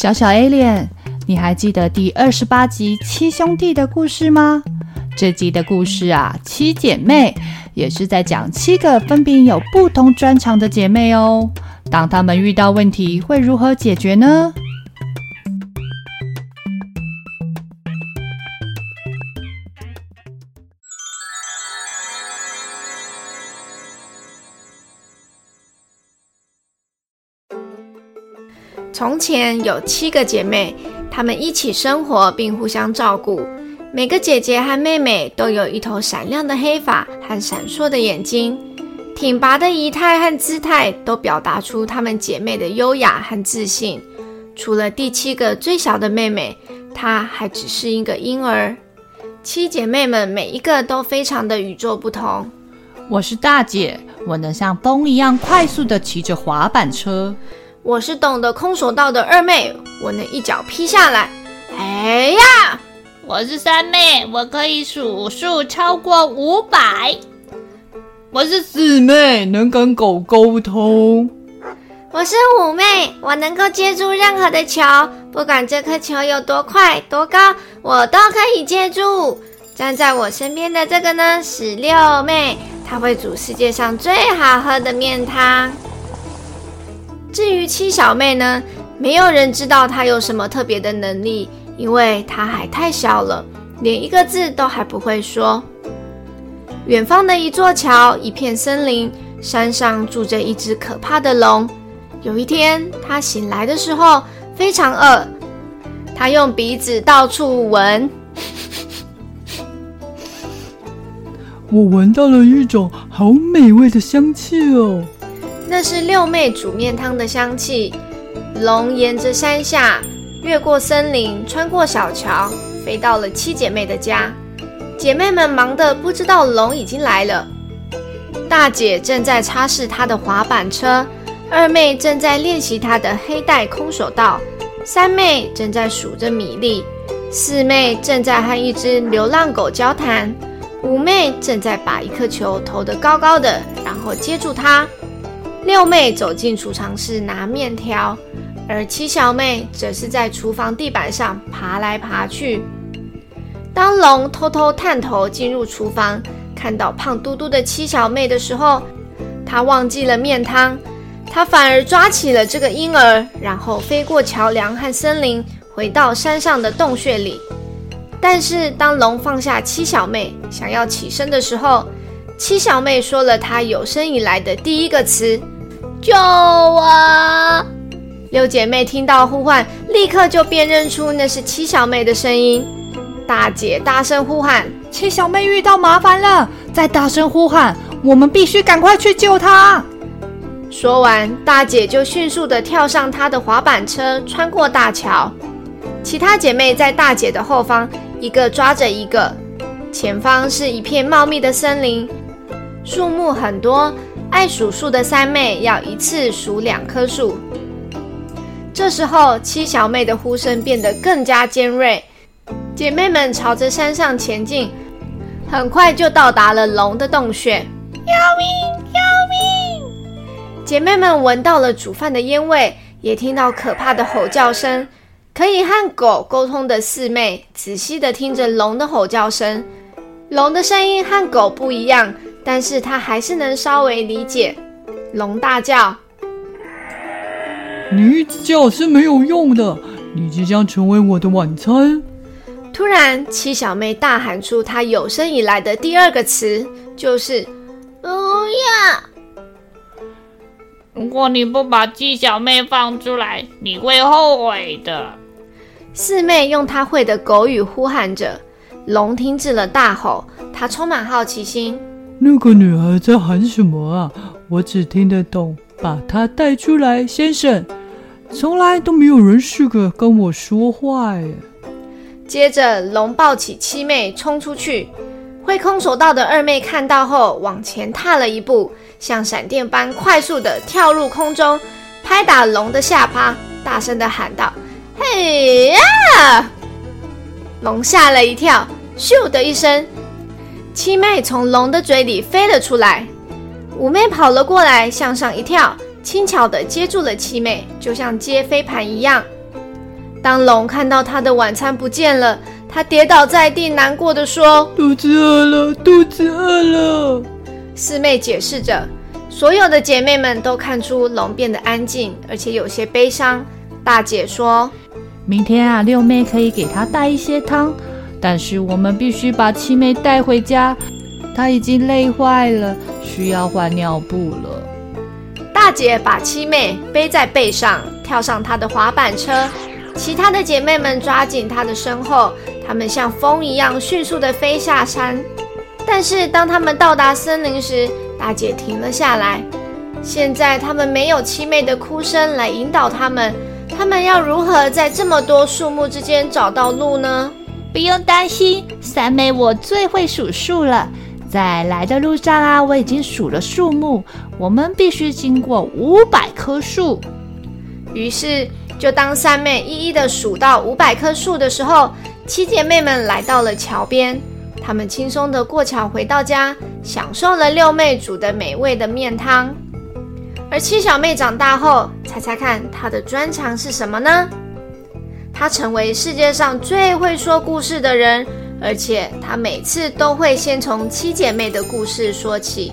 小小 Alien，你還記得第二十八集七兄弟的故事嗎？這集的故事啊，七姐妹也是在講七個分別有不同專長的姐妹哦。當她們遇到問題，會如何解決呢？從前有七個姐妹，她們一起生活並互相照顧。每個姐姐和妹妹都有一頭閃亮的黑髮和閃爍的眼睛，挺拔的儀態和姿態都表達出她們姐妹的優雅和自信。除了第七個最小的妹妹，她還只是一個嬰兒。七姐妹們每一個都非常的與眾不同。我是大姐，我能像風一樣快速地騎着滑板車。我是懂得空手道的二妹，我能一腳劈下來。哎呀，我是三妹，我可以數數超過五百。我是四妹，能跟狗溝通。我是五妹，我能夠接住任何的球，不管這顆球有多快多高，我都可以接住。站在我身邊的這個呢，是六妹，她會煮世界上最好喝的麵湯。至於七小妹呢，沒有人知道她有什麼特別的能力，因為她還太小了，連一個字都還不會說。遠方的一座橋，一片森林，山上住着一只可怕的龍。有一天，她醒來的時候非常餓，她用鼻子到處聞，我聞到了一種好美味的香氣哦。那是六妹煮面湯的香氣。龍沿着山下，越過森林，穿過小橋，飛到了七姐妹的家。姐妹們忙得不知道龍已經來了。大姐正在擦拭她的滑板車，二妹正在練習她的黑帶空手道，三妹正在數着米粒，四妹正在和一只流浪狗交談，五妹正在把一顆球投得高高的，然後接住它。六妹走進儲藏室拿麵條，而七小妹則是在廚房地板上爬來爬去。當龍偷偷探頭進入廚房，看到胖嘟嘟的七小妹的時候，他忘記了麵湯，他反而抓起了這個嬰兒，然後飛過橋樑和森林，回到山上的洞穴裡。但是當龍放下七小妹，想要起身的時候，七小妹說了她有生以來的第一個詞：“救我！”六姐妹聽到呼喚，立刻就辨認出那是七小妹的聲音。大姐大聲呼喊：“七小妹遇到麻煩了！”再大聲呼喊：“我們必須趕快去救她！”說完，大姐就迅速地跳上她的滑板車，穿過大橋。其他姐妹在大姐的後方，一個抓着一個。前方是一片茂密的森林。樹木很多，愛數數的三妹要一次數兩棵樹。這時候，七小妹的呼聲變得更加尖銳。姐妹們朝着山上前進，很快就到達了龍的洞穴。救命！救命！姐妹們聞到了煮飯的煙味，也聽到可怕的吼叫聲。可以和狗溝通的四妹仔細地聽着龍的吼叫聲，龍的聲音和狗不一樣。但是他還是能稍微理解。龍大叫：“你叫是沒有用的，你即將成為我的晚餐。”突然，七小妹大喊出她有生以來的第二個詞，就是“不要”。如果你不把七小妹放出來，你會後悔的。四妹用她會的狗語呼喊着，龍停止了大吼，她充滿好奇心。那個女孩在喊什麼啊？我只聽得懂，把她帶出來，先生。從來都沒有人試過跟我說話耶。接着，龍抱起七妹衝出去，會空手道的二妹看到後往前踏了一步，像閃電般快速地跳入空中，拍打龍的下巴，大聲地喊道：“嘿呀！”龍嚇了一跳，咻的一聲。七妹從龍的嘴裡飛了出來，五妹跑了過來，向上一跳，輕巧地接住了七妹，就像接飛盤一樣。當龍看到她的晚餐不見了，她跌倒在地，難過的說：“肚子餓了，肚子餓了。”四妹解釋着，所有的姐妹們都看出龍變得安靜，而且有些悲傷。大姐說：“明天啊，六妹可以給她帶一些湯。”但是我們必須把七妹帶回家，她已經累壞了，需要換尿布了。大姐把七妹背在背上，跳上她的滑板車。其他的姐妹們抓緊她的身後，她們像風一樣迅速地飛下山。但是當她們到達森林時，大姐停了下來。現在她們沒有七妹的哭聲來引導她們，她們要如何在這麼多樹木之間找到路呢？不用擔心，三妹，我最會數數了。在來的路上啊，我已經數了數目，我們必須經過五百棵樹。於是，就當三妹一一的數到五百棵樹的時候，七姐妹們來到了橋邊，她們輕鬆的過橋回到家，享受了六妹煮的美味的麵湯。而七小妹長大後，猜猜看她的專長是什麼呢？他成為世界上最會說故事的人，而且他每次都會先從七姐妹的故事說起。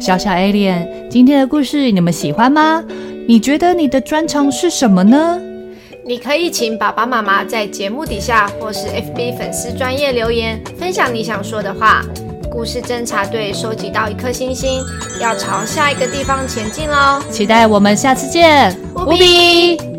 小小 alien，今天的故事你們喜歡嗎？你覺得你的專長是什麼呢？你可以請爸爸媽媽在節目底下或是 FB 粉絲專頁留言，分享你想說的話。故事偵查隊收集到一顆星星，要朝下一個地方前進嘍！期待我們下次見，無比。無比。